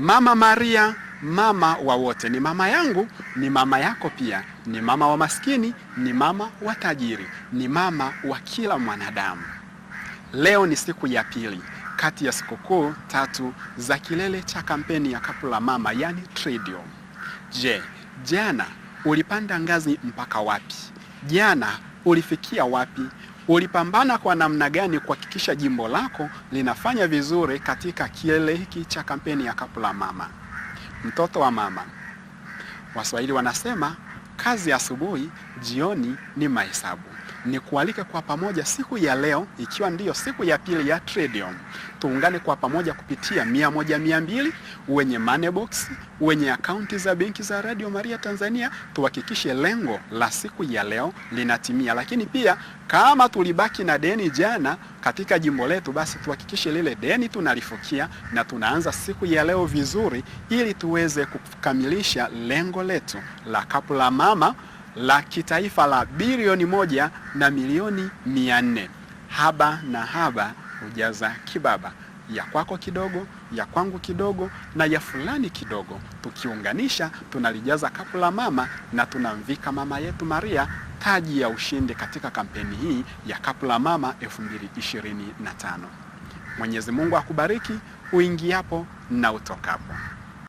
Mama Maria, mama wa wote, ni mama yangu, ni mama yako pia, ni mama wa maskini, ni mama wa tajiri, ni mama wa kila mwanadamu. Leo ni siku ya pili kati ya sikukuu tatu za kilele cha kampeni ya Kapu la Mama, yani Triduum. Je, jana ulipanda ngazi mpaka wapi? Jana ulifikia wapi? ulipambana kwa namna gani kuhakikisha jimbo lako linafanya vizuri katika kiele hiki cha kampeni ya Kapu la Mama, mtoto wa mama. Waswahili wanasema kazi asubuhi, jioni ni mahesabu ni kualika kwa pamoja siku ya leo, ikiwa ndiyo siku ya pili ya Triduum, tuungane kwa pamoja kupitia mia moja mia mbili wenye Moneybox, wenye akaunti za benki za Radio Maria Tanzania, tuhakikishe lengo la siku ya leo linatimia. Lakini pia kama tulibaki na deni jana katika jimbo letu, basi tuhakikishe lile deni tunalifukia na tunaanza siku ya leo vizuri, ili tuweze kukamilisha lengo letu la Kapu la Mama la kitaifa la bilioni moja na milioni mia nne. Haba na haba hujaza kibaba, ya kwako kidogo, ya kwangu kidogo, na ya fulani kidogo. Tukiunganisha tunalijaza kapu la mama na tunamvika mama yetu Maria taji ya ushindi katika kampeni hii ya kapu la mama 2025. Mwenyezi Mungu akubariki uingiapo na utokapo.